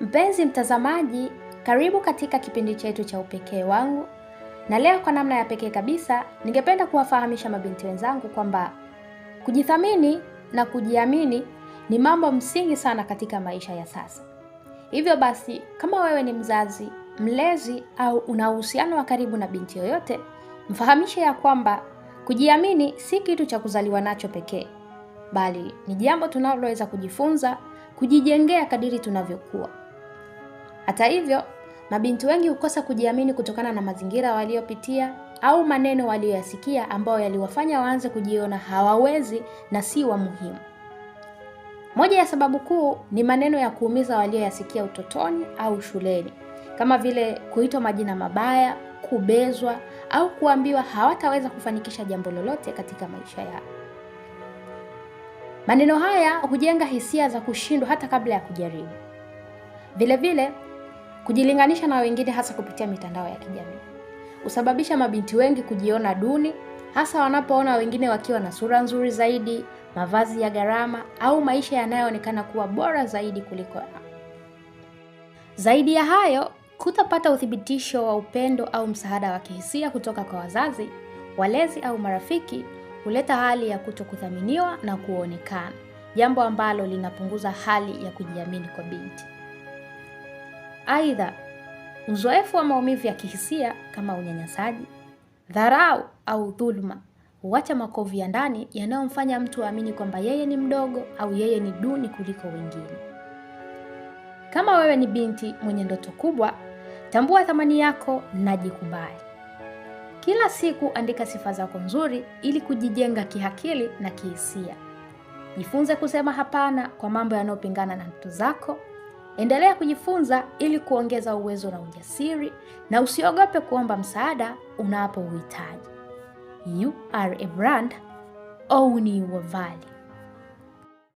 Mpenzi mtazamaji, karibu katika kipindi chetu cha Upekee wangu, na leo kwa namna ya pekee kabisa ningependa kuwafahamisha mabinti wenzangu kwamba kujithamini na kujiamini ni mambo msingi sana katika maisha ya sasa. Hivyo basi, kama wewe ni mzazi, mlezi au una uhusiano wa karibu na binti yoyote, mfahamishe ya kwamba kujiamini si kitu cha kuzaliwa nacho pekee, bali ni jambo tunaloweza kujifunza, kujijengea kadiri tunavyokuwa. Hata hivyo, mabinti wengi hukosa kujiamini kutokana na mazingira waliopitia au maneno waliyoyasikia ambayo yaliwafanya waanze kujiona hawawezi na si wa muhimu. Moja ya sababu kuu ni maneno ya kuumiza walioyasikia utotoni au shuleni, kama vile kuitwa majina mabaya, kubezwa au kuambiwa hawataweza kufanikisha jambo lolote katika maisha yao. Maneno haya hujenga hisia za kushindwa hata kabla ya kujaribu. Vilevile Kujilinganisha na wengine hasa kupitia mitandao ya kijamii husababisha mabinti wengi kujiona duni, hasa wanapoona wengine wakiwa na sura nzuri zaidi, mavazi ya gharama au maisha yanayoonekana kuwa bora zaidi kuliko ya. Zaidi ya hayo, kutapata uthibitisho wa upendo au msaada wa kihisia kutoka kwa wazazi, walezi au marafiki huleta hali ya kutokuthaminiwa na kuonekana, jambo ambalo linapunguza hali ya kujiamini kwa binti. Aidha, uzoefu wa maumivu ya kihisia kama unyanyasaji, dharau au dhuluma huacha makovu ya ndani yanayomfanya mtu aamini kwamba yeye ni mdogo au yeye ni duni kuliko wengine. Kama wewe ni binti mwenye ndoto kubwa, tambua thamani yako na jikubali. Kila siku andika sifa zako nzuri ili kujijenga kihakili na kihisia. Jifunze kusema hapana kwa mambo yanayopingana na ndoto zako Endelea kujifunza ili kuongeza uwezo na ujasiri, na usiogope kuomba msaada unapouhitaji You are a brand, own your value.